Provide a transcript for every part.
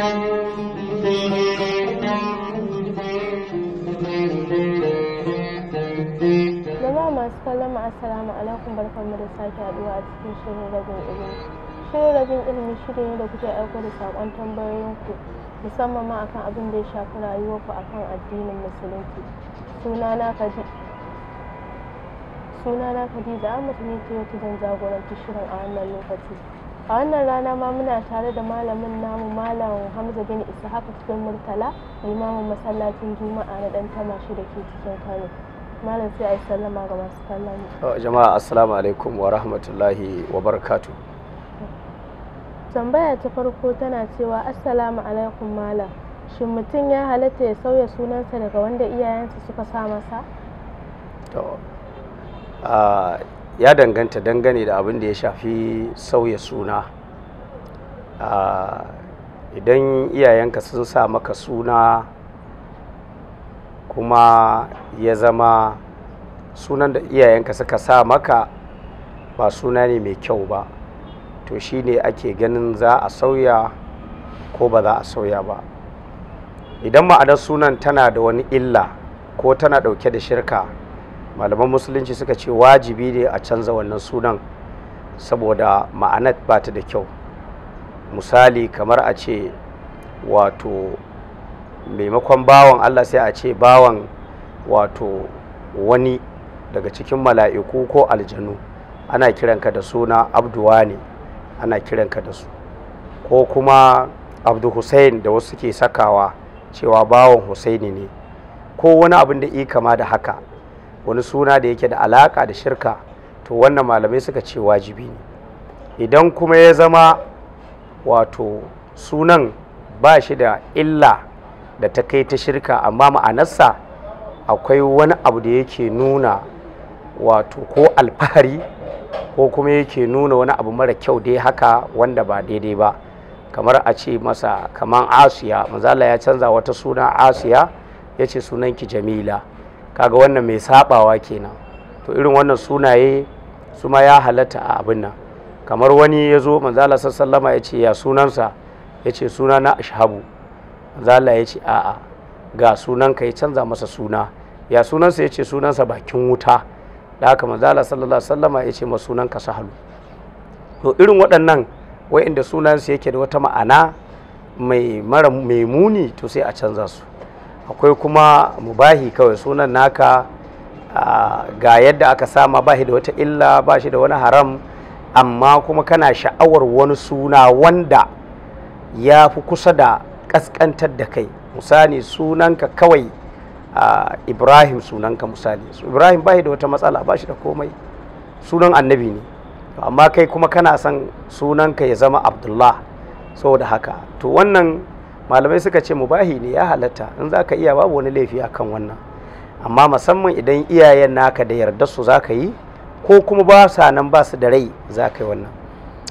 Jama'a masu kallon mu assalamu alaikum barkanmu da sake haduwa a cikin shirin rabin ilimi. Shirin rabin ilimi shiri ne da kuke aiko da saƙon tambayoyinku musamman ma akan abin da ya shafi rayuwarku akan addinin musulunci. Sunana Khadija Ahmad ne ke yau zan jagoranci shirin a wannan lokaci. a wannan rana ma muna tare da malamin namu malam hamza bin ishaq cikin murtala limamin masallacin juma'a na dan shi da ke cikin kano malam sai a yi sallama ga masu kallon jama'a assalamu alaikum wa rahmatullahi wa barakatu tambaya ta farko tana cewa assalamu alaikum malam shin mutum ya halatta ya sauya sunansa daga wanda iyayensa suka sa masa ah, ya danganta dangane da abin da ya shafi sauya suna idan iyayenka sun sa maka suna kuma ya zama sunan da iyayenka suka sa maka ba suna ne mai kyau ba to shi ne ake ganin za a sauya ko ba za a sauya ba idan ma'anar sunan tana da wani illa ko tana dauke da shirka malaman musulunci suka ce wajibi ne a canza wannan sunan saboda ma'anat ba ta da kyau misali kamar a ce wato maimakon bawan allah sai a ce bawan wato wani daga cikin mala'iku ko aljanu ana kiranka da suna abduwa ne ana kiranka da su ko kuma abdu Hussain da wasu ke sakawa cewa bawan husaini ne ko wani abin da i kama da haka wani suna da yake da alaka da shirka to wannan malamai suka ce wajibi ne idan kuma ya zama wato sunan ba shi da illa da ta kai ta shirka amma ma'anarsa akwai wani abu da yake nuna wato ko alfahari ko kuma yake nuna wani abu mara kyau dai haka wanda ba daidai ba kamar a ce masa kamar asiya mazala ya canza wata suna asiya ya ce sunanki jamila kaga wannan mai sabawa kenan to irin wannan sunaye su ma ya halatta a abin nan kamar wani ya zo manzala sallama ya ce ya sunansa ya ce suna na ashabu manzala ya ce a'a ga sunanka ya canza masa suna ya sunansa ya ce sunansa bakin wuta da haka manzala sallallahu sallama ya ce ma sunanka sahalu to irin waɗannan wa'inda sunansu yake da wata ma'ana mai mara mai muni to sai a canza su akwai kuma mubahi kawai sunan naka ga yadda aka sama ba shi da wata illa ba shi da wani haram amma kuma kana sha'awar wani suna wanda ya fi kusa da kaskantar da kai misali sunanka kawai ibrahim sunanka misali ibrahim ba shi da wata matsala ba shi da komai sunan annabi ne amma kai kuma kana son sunanka ya zama abdullah saboda haka to wannan malamai suka ce mubahi ne ya halatta in za ka iya babu wani laifi akan wannan amma musamman idan iyayen naka da yarda su za ka yi ko kuma ba sa nan ba su da rai za ka yi wannan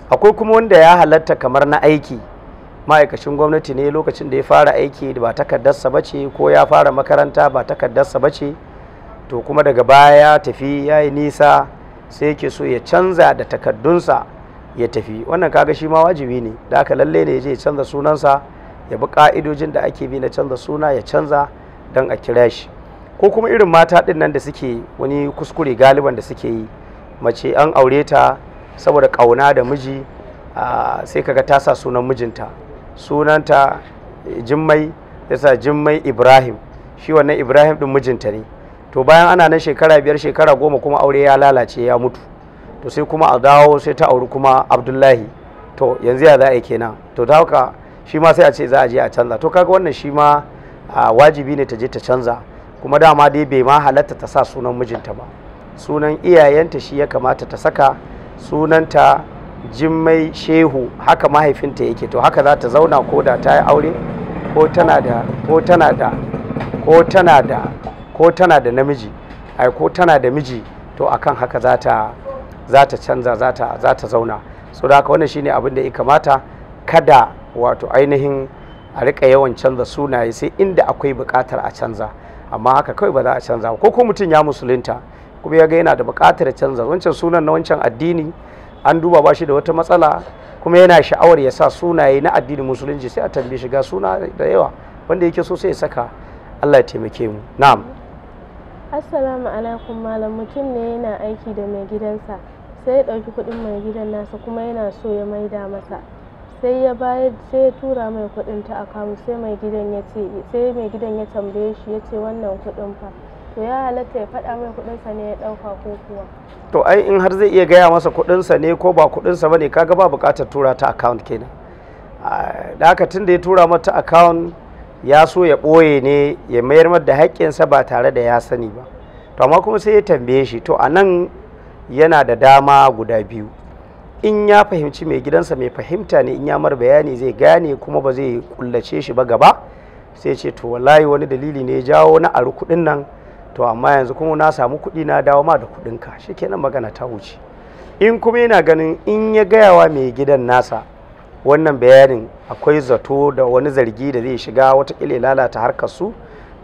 akwai kuma wanda ya halatta kamar na aiki ma'aikacin gwamnati ne lokacin da ya fara aiki ba takardarsa ba ce ko ya fara makaranta ba takardarsa ba ce to kuma daga baya ya tafi ya yi nisa sai yake so ya canza da takardunsa ya tafi wannan kaga shi ma wajibi ne da aka lalle ne ya je ya canza sunansa ya bi ka'idojin da ake bi na canza suna ya canza don a kira shi ko kuma irin mata ɗin nan da suke wani kuskure galiban da suke yi mace an aure ta saboda kauna da miji sai kaga ta sa sunan mijinta sunanta jimmai ya sa jimmai ibrahim shi wannan ibrahim ɗin mijinta ne to bayan ana nan shekara biyar shekara goma kuma aure ya lalace ya mutu to sai kuma a dawo sai ta auri kuma abdullahi to yanzu ya za a kenan to ta haka shi ma sai a ce za a je a canza to kaga wannan shi ma wajibi ne ta je ta canza kuma dama dai bai ma halatta ta sa sunan mijinta ba sunan iyayenta shi ya kamata ta saka sunanta jimmai shehu haka mahaifinta yake to haka za ta zauna ko da ta yi aure ko tana da ko tana da ko tana da ko tana da namiji ai ko tana da miji to akan haka za ta za ta canza za ta za ta zauna so da haka wannan shine abin da ya kamata kada wato ainihin a rika yawan canza sunaye sai inda akwai buƙatar a canza amma haka kawai ba za a canza ko ko mutum ya musulunta kuma ya ga yana da buƙatar canza wancan sunan na wancan addini an duba ba shi da wata matsala kuma yana sha'awar ya sa sunaye na addinin musulunci sai a tambaye shi ga suna da yawa wanda yake so sai ya saka Allah ya taimake mu na'am assalamu alaikum malam mutum ne yana aiki da mai gidansa sai ya ɗauki kuɗin mai gidan nasa kuma yana so ya maida masa sai ya bayar sai ya tura mai kuɗin ta akawun sai mai gidan ya ce sai mai gidan ya tambaye shi ya ce wannan kuɗin fa to ya halatta ya faɗa mai sa ne ya ɗauka ko kuwa to ai in har zai iya gaya masa kuɗinsa ne ko ba kuɗinsa ba ne kaga ba buƙatar tura ta account kenan da haka tun da ya tura mata account ya so ya ɓoye ne ya mayar mata da sa ba tare da ya sani ba to amma kuma sai ya tambaye shi to a nan yana da dama guda biyu in ya fahimci mai gidansa mai fahimta ne in ya mar bayani zai gane kuma ba zai kullace shi ba gaba sai ce to wallahi wani dalili ne ya jawo na aru kuɗin nan to amma yanzu kuma na samu kuɗi na dawo ma da kuɗinka shikenan magana ta wuce in kuma yana ganin in ya gaya wa mai gidan nasa wannan bayanin akwai zato da wani zargi da zai shiga wata ya lalata harkar su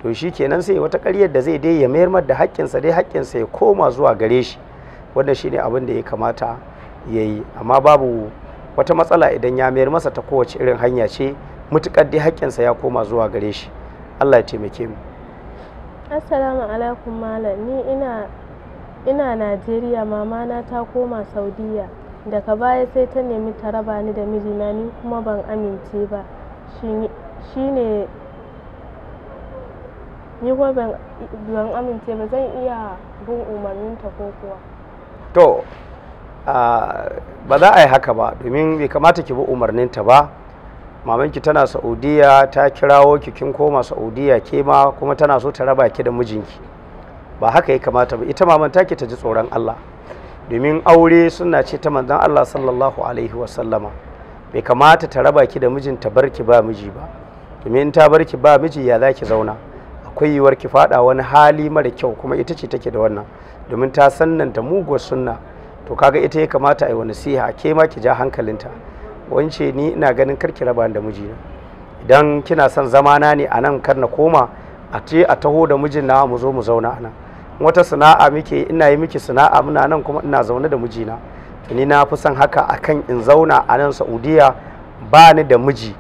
to shi kenan sai wata karyar da zai dai ya mayar da haƙƙinsa dai haƙƙinsa ya koma zuwa gare shi wannan shine abin da ya kamata ya yi amma babu wata matsala idan ya mayar masa ta kowace irin hanya ce mutukar dai haƙƙinsa ya koma zuwa gare shi allah ya taimake mu assalamu alaikum malam ni ina ina najeriya na ta koma saudiya daga baya sai ta nemi ta raba ni da mijina ni kuma ban amince ba shi ne ni kuma ban amince ba zan iya bin umarninta ko kuwa to ba za a yi haka ba domin bai kamata ki bi umarninta ba mamanki tana saudiya ta kirawo ki kin koma saudiya ke ma kuma tana so ta raba ki da mijinki ba haka ya kamata ba ita maman take ta ji tsoron Allah domin aure suna ce ta manzon Allah sallallahu alaihi wa sallama bai kamata ta raba ki da mijin ta barki ba miji ba domin ta barki ba miji ya za zauna akwai yiwuwar ki fada wani hali mara kyau kuma ita ce take da wannan domin ta sannanta muguwar sunna to kaga ita ya kamata a yi nasiha ke ma ki ja hankalinta wance ni ina ganin karki raba da mijina idan kina son zamana ne a nan kar na koma a ce a taho da mijin na mu zo mu zauna a nan wata sana'a muke ina yi miki sana'a muna nan kuma ina zaune da mijina ni na fi son haka akan in zauna a nan saudiya ba ni da miji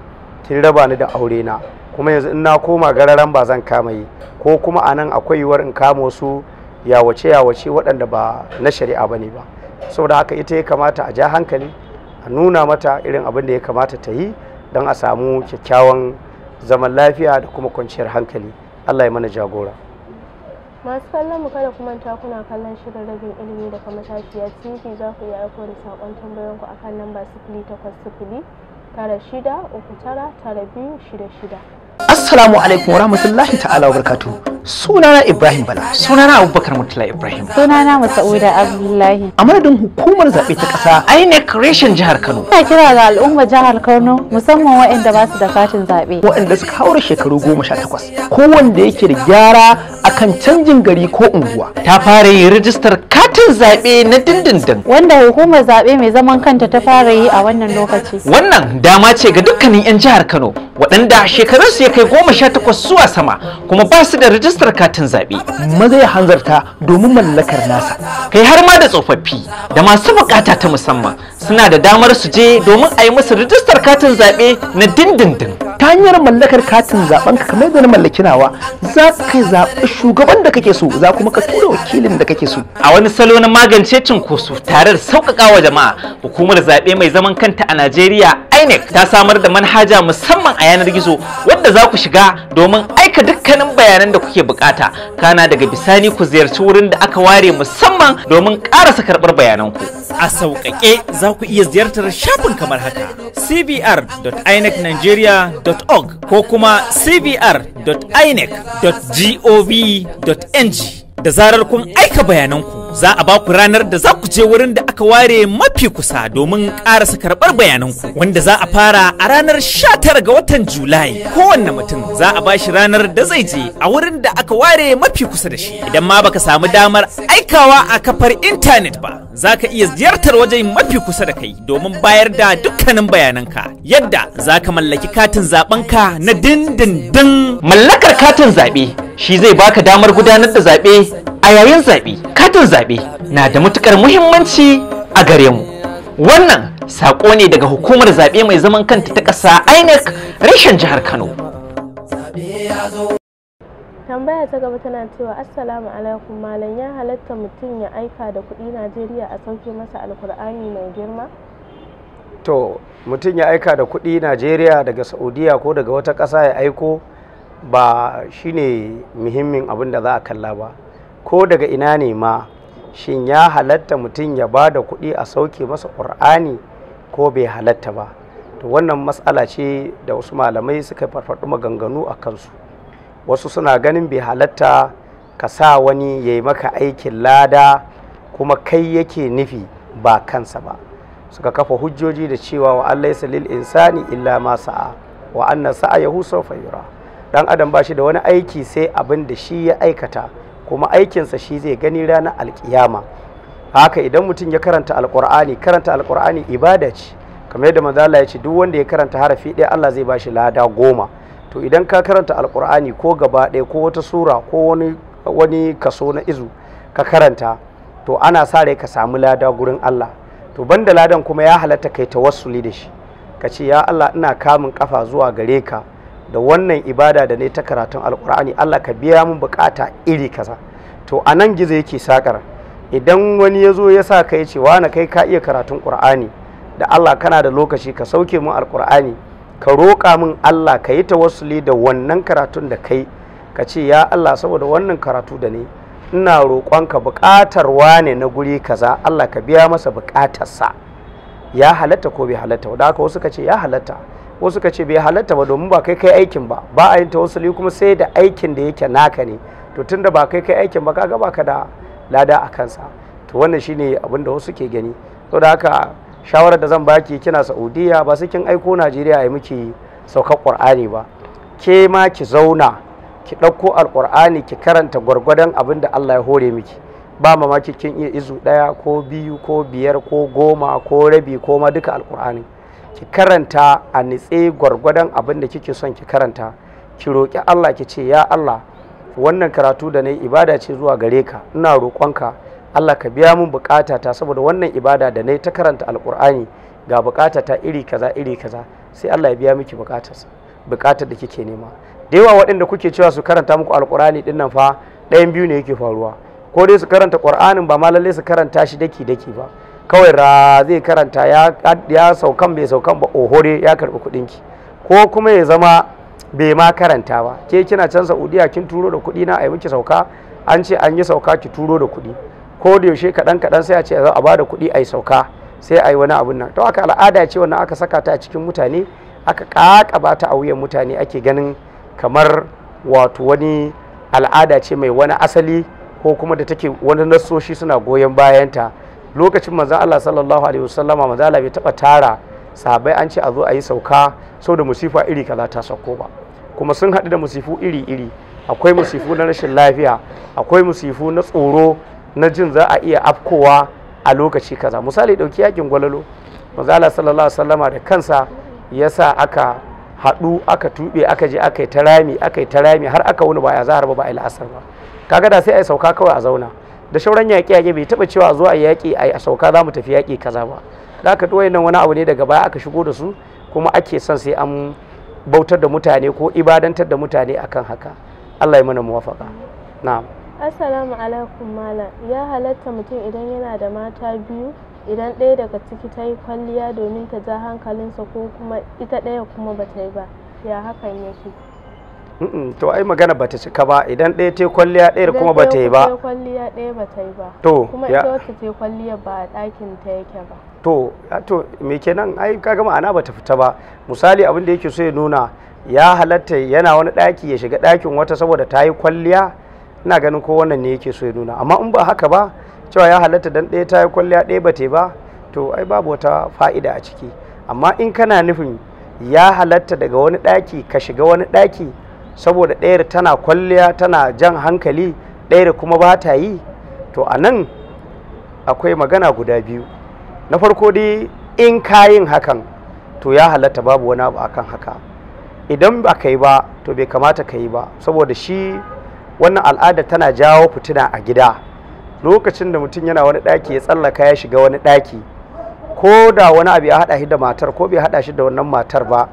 kin raba ni da aure na kuma yanzu in na koma gararan ba zan kama yi ko kuma a nan akwai yiwuwar in kama wasu yawace yawace waɗanda ba na shari'a ba ne ba saboda haka ita ya kamata a ja hankali a nuna mata irin abin da ya kamata ta yi don a samu kyakkyawan zaman lafiya da kuma kwanciyar hankali allah ya mana jagora masu kallon mu kada kuma ta kuna kallon shirin rabin ilimi daga matashiya tv za ku yi aiko da sakon tambayon ku akan lamba sifili takwas sifili tara shida uku tara tara biyu shida shida Assalamu alaikum wa rahmatullahi ta'ala wa barakatuh. Sunana Ibrahim Bala, sunana Abubakar Murtala Ibrahim. Sunana Masauda Abdullahi. A hukumar zaɓe ta ƙasa INEC reshen jihar Kano. Ina kira ga al'umma jihar Kano musamman waɗanda ba su da katin zaɓe. Waɗanda suka haura shekaru goma sha takwas. Kowanne yake da gyara kan canjin gari ko unguwa ta fara yin rijistar katin zaɓe na dindindin wanda hukumar zaɓe mai zaman kanta ta fara yi a wannan lokaci wannan dama ce ga dukkanin 'yan jihar kano waɗanda shekarunsu ya kai goma sha takwas zuwa sama kuma ba su da rijistar katin zaɓe maza ya hanzarta domin mallakar nasa kai har ma da tsofaffi da masu bukata ta musamman suna da damar su je domin a yi musu rijistar katin zaɓe na dindindin ta hanyar mallakar katin zaben ka kamar da na mallaki nawa za ka zaɓi shugaban da kake so za kuma ka tura wakilin da kake so a wani salo na magance cinkoso tare da sauƙaƙa wa jama'a hukumar zaɓe mai zaman kanta a Najeriya INEC ta samar da manhaja musamman a yanar gizo wadda za ku shiga domin cika dukkanin bayanan da kuke bukata kana daga bisani ku ziyarci wurin da aka ware musamman domin karasa karɓar bayananku a sauƙaƙe za ku iya ziyartar shafin kamar haka cbr.inecnigeria.org ko kuma cbr.inec.gov.ng da zarar kun aika bayananku za a baku ranar da za ku je wurin da aka ware mafi kusa domin karasa karɓar bayananku wanda za a fara a ranar 19 ga watan Julai. Kowanne mutum za a bashi ranar da zai je a wurin da aka ware mafi kusa da shi. Idan ma baka samu damar aikawa a kafar intanet ba, za ka iya ziyartar waje mafi kusa da kai domin bayar da dukkanin bayananka yadda za ka mallaki katin zaɓenka na dindindin. Mallakar katin zaɓe shi zai baka damar gudanar da zaɓe a yayin zaɓe. Katin zaɓe na da matuƙar muhimmanci a gare mu. Wannan saƙo ne daga hukumar zaɓe mai zaman kanta ta ƙasa INEC rashin jihar Kano. Tambaya ta gaba tana cewa Assalamu alaikum malam ya halatta mutum ya aika da kuɗi Najeriya a sauke masa alkur'ani mai girma? To mutum ya aika da kuɗi Najeriya daga Saudiya ko daga wata ƙasa ya aiko ba shine muhimmin abin da za a kalla ba ko daga ina ne ma shin ya halatta mutum ya ba da kuɗi a sauke masa ƙur'ani ko bai halatta ba to wannan matsala ce da wasu malamai suka farfaɗi maganganu a kansu wasu suna ganin bai halatta ka sa wani ya yi maka aikin lada kuma kai yake nufi ba kansa ba suka kafa hujjoji da cewa wa Allah ya insani illa ma sa'a wa anna sa'ayahu sawfa yura dan adam ba shi da wani aiki sai abin da shi ya aikata kuma aikinsa shi zai gani ranar alkiyama haka idan mutum ya karanta alkur'ani karanta alkur'ani ibada ce kamar yadda manzo Allah ya ce duk wanda ya karanta harafi ɗaya Allah zai ba shi lada goma to idan ka karanta alkur'ani ko gaba ɗaya ko wata sura ko wani kaso na izu ka karanta to ana sa rai ka samu lada gurin Allah to banda ladan kuma ya halatta kai tawassuli da shi ka ce ya Allah ina kamun kafa zuwa gare ka da wannan ibada da ne ta karatun alkur'ani Allah ka biya mun bukata iri kaza to a nan gizo yake sakar idan wani ya zo ya sa ka ya ce wani kai ka iya karatun qur'ani da Allah kana da lokaci ka sauke mun alkur'ani ka roƙa min Allah ka yi tawassuli da wannan karatun da kai ka ce ya Allah saboda wannan karatu da ne ina roƙonka buƙatar wane na guri kaza Allah ka biya masa buƙatarsa ya halatta ko bai halatta da haka wasu ka ce ya halatta wasu ka ce bai halatta ba domin ba kai kai aikin ba ba a yin tawassuli kuma sai da aikin da yake naka ne to tunda ba kai kai aikin ba kaga ba ka da lada a kansa to wannan shine abin da wasu ke gani saboda haka shawarar da zan baki kina saudiya ba su kin aiko najeriya ya miki saukar ƙwar'ani ba ke ma ki zauna ki ɗauko alƙur'ani ki karanta gwargwadon abin da allah ya hore miki ba mamaki kin iya izu ɗaya ko biyu ko biyar ko goma ko rabi ko ma duka alƙur'ani ki karanta a nitse gwargwadon abin da kike son ki karanta ki roƙi allah ki ce ya allah wannan karatu da na yi ibada ce zuwa gare ka ina roƙonka Allah ka biya mun bukata ta saboda wannan ibada da nayi ta karanta alkur'ani ga bukata ta iri kaza iri kaza sai Allah ya biya miki bukatar bukatar da kike nema da yawa waɗanda kuke cewa su karanta muku alkur'ani din nan fa ɗayan biyu ne yake faruwa ko dai su karanta qur'anin ba ma lalle su karanta shi daki daki ba kawai ra zai karanta ya ya saukan bai saukan ba ohore ya karbi kuɗin ki ko kuma ya zama bai ma karanta ba ke kina can Saudiya kin turo da kuɗi na a yi miki sauka an ce an yi sauka ki turo da kuɗi ko da yaushe kaɗan kaɗan sai a ce a ba da kuɗi a yi sauka sai a yi wani abun nan to haka al'ada ce wannan aka saka ta a cikin mutane aka ba ta a wuyan mutane ake ganin kamar wato wani al'ada ce mai wani asali ko kuma da take wani nassoshi suna goyon bayanta lokacin manzon Allah sallallahu alaihi wasallama manzon Allah bai taba tara sahabbai an ce a zo a yi sauka sau da musifa iri kaza ta sauko ba kuma sun haɗu da musifu iri iri akwai musifu na rashin lafiya akwai musifu na tsoro na jin za a iya afkowa a lokaci kaza misali ɗauki yakin gwalalo manzala sallallahu sallama da kansa ya sa aka haɗu aka tuɓe aka je aka yi ta rami aka yi ta rami har aka wuni ba ya zahar ba ba a yi la'asar ba kaga da sai a yi sauka kawai a zauna da shauran yaƙi yaƙe bai taɓa cewa zuwa a yaƙi a sauka za mu tafi yaƙi kaza ba da aka ɗoye nan wani abu ne daga baya aka shigo da su kuma ake son sai an bautar da mutane ko ibadantar da mutane akan haka Allah ya mana muwafaka na'am Assalamu alaikum malam, ya halatta mutum idan yana da mata biyu idan ɗaya daga ciki ta yi kwalliya domin ta ja hankalinsa ko kuma ita ɗaya kuma ba ta yi ba, ya hakan yake? to ai magana ba ta cika ba idan ɗaya ta kwalliya ɗaya kuma ba ta yi ba kwalliya ɗaya ba ta yi ba to kuma ita wacce ta kwalliya ba a ɗakin ta yake ba to to me kenan ai kaga ma'ana ba ta fita ba misali abin da yake so ya nuna ya halatta yana wani ɗaki ya shiga ɗakin wata saboda ta yi kwalliya ina ganin ko wannan ne yake so ya nuna amma in ba haka ba cewa ya halatta dan ɗaya ta yi kwalliya ɗaya ba ta ba to ai babu wata fa'ida a ciki amma in kana nufin ya halatta daga wani ɗaki ka shiga wani ɗaki saboda ɗayar tana kwalliya tana jan hankali ɗayar kuma ba ta yi to a nan akwai magana guda biyu na farko dai in kayin hakan to ya halatta babu wani abu akan haka idan ba ka yi ba to bai kamata ka yi ba saboda shi wannan al'ada tana jawo fitina a gida lokacin da mutum yana wani ɗaki ya tsallaka ya shiga wani ɗaki ko da wani abu ya haɗa shi da matar ko bai haɗa shi da wannan matar ba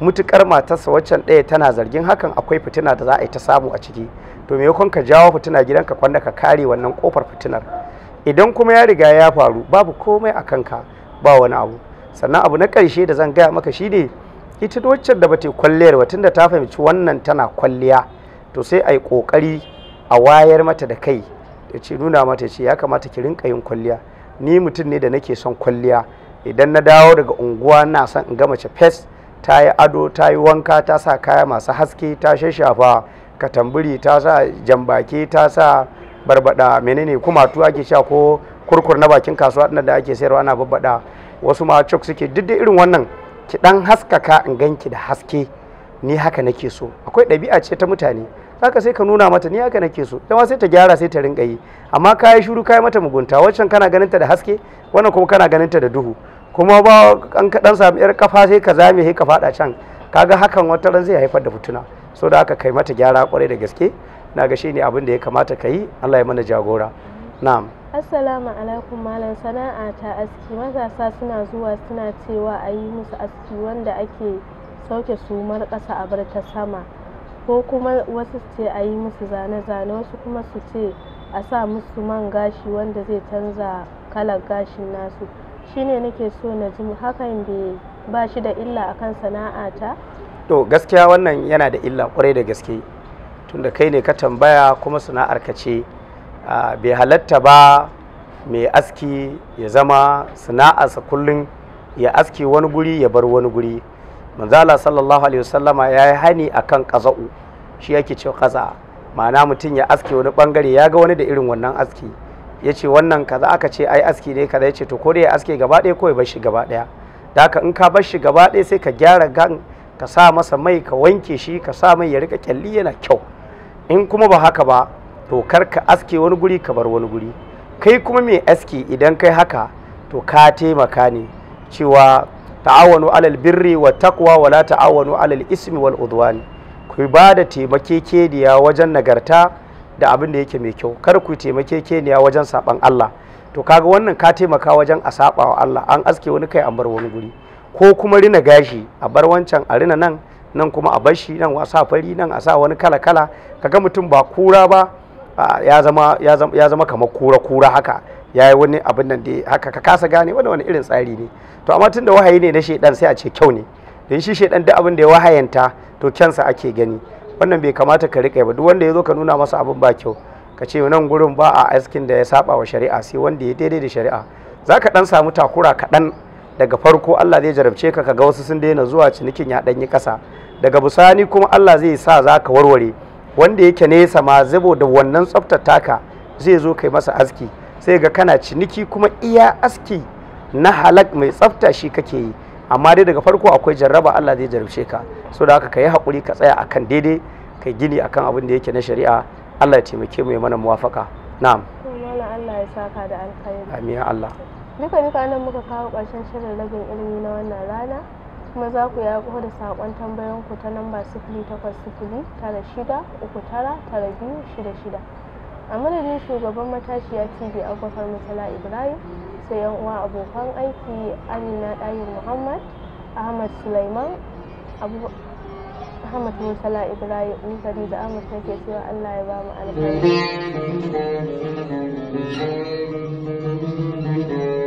mutukar matarsa waccan ɗaya tana zargin hakan akwai fitina da za a yi ta samu a ciki to yakon ka jawo fitina gidanka kwanda ka kare wannan kofar fitinar idan kuma ya riga ya faru babu komai a kanka ba wani abu sannan abu na ƙarshe da zan gaya maka shi ne ita waccan da bata kwalliyar ba tunda ta fahimci wannan tana kwalliya to sai a yi ƙoƙari a wayar mata da kai da ce nuna mata ce ya kamata ki rinka yin kwalliya ni mutum ne da nake son kwalliya idan na dawo daga unguwa na son in ga mace fes ta yi ado ta yi wanka ta sa kaya masu haske ta shashafa katamburi ta sa jambaki ta sa barbada menene kumatu ake sha ko kurkur na bakin kasuwa ɗin da ake sayarwa ana babbada wasu ma cok suke duk da irin wannan ki dan haskaka in ganki da haske ni haka nake so akwai ɗabi'a ce ta mutane zaka sai ka nuna mata ni haka nake so dama sai ta gyara sai ta rinka yi amma ka yi shiru ka yi mata mugunta wancan kana ganin ta da haske wannan kuma kana ganin ta da duhu kuma ba an kaɗan samu yar kafa sai ka zame sai ka faɗa can kaga hakan wata ran zai haifar da fituna so da haka kai mata gyara kwarai da gaske na ga shi ne abin da ya kamata ka yi Allah ya mana jagora na'am assalamu alaikum malam sana'a ta aski matasa suna zuwa suna cewa a yi musu aski wanda ake sauke sumar ƙasa a bar ta sama ko kuma wasu su ce a yi musu zane-zane wasu kuma su ce a sa musu man gashi wanda zai canza kalar gashin nasu shine nake so na ji hakan bai ba shi da illa akan sana'ata to gaskiya wannan yana da illa kwarai da gaske tunda kai ne ka tambaya kuma sana'ar ka ce bai halatta ba mai aski ya zama sana'arsa kullum ya aski wani guri ya bar wani guri manzala sallallahu alaihi wasallama ya yi hani akan kaza'u shi yake cewa kaza ma'ana mutum ya aske wani bangare ya ga wani da irin wannan aski ya ce wannan kaza aka ce ai aski ne kaza ya ce to ko dai ya aske gaba ɗaya ko ya bar shi gaba ɗaya da haka in ka bar shi gaba ɗaya sai ka gyara gan ka sa masa mai ka wanke shi ka sa mai ya rika kyalli yana kyau in kuma ba haka ba to kar ka aske wani guri ka bar wani guri kai kuma mai aski idan kai haka to ka taimaka ne cewa ta'awanu alal birri wa taqwa wa la ta'awanu alal ismi wal udwani ku ba da taimakekeniya wajen nagarta da abin da yake mai kyau kar ku taimakekeniya wajen saban Allah to kaga wannan ka taimaka wajen a saba wa Allah an aske wani kai an bar wani guri ko kuma rina gashi a bar wancan a rina nan nan kuma a bashi nan a sa fari nan a sa wani kala kala kaga mutum ba kura ba ya zama ya zama kamar kura kura haka ya yi wani abin nan da haka ka kasa gane wani wani irin tsari ne to amma tun da wahayi ne na shaidan sai a ce kyau ne don shi shaidan duk abin da ya wahayanta to kyansa ake gani wannan bai kamata ka riƙe ba duk wanda ya zo ka nuna masa abin ba kyau ka ce nan gurin ba a askin da ya saba wa shari'a sai wanda ya daidai da shari'a za ka ɗan samu takura kaɗan daga farko Allah zai jarabce ka kaga wasu sun daina zuwa cinikin ya ɗanyi ƙasa daga bisani kuma Allah zai sa za ka warware wanda yake nesa ma zabo da wannan tsaftar taka zai zo kai masa aski sai ga kana ciniki kuma iya aski na halak mai tsafta shi kake yi amma dai daga farko akwai jarraba Allah zai jarabce ka so da haka ka yi haƙuri ka tsaya akan daidai kai gini akan abin da yake na shari'a Allah ya taimake mu ya mana muwafaka na'am mana Allah ya saka da alkhairi amin Allah duka duka nan muka kawo ƙarshen shirin rabin ilimi na wannan rana kuma za ku ya da saƙon tambayan ku ta namba sifili takwas sifili tara shida uku tara tara biyu shida shida a madadin shugaban matashiya tv abubakar mutala ibrahim sai yan uwa abokan aiki amina ɗayi muhammad ahmad suleiman ahmad musala ibrahim nukari da ahmad ke cewa allah ya ba mu alkhairi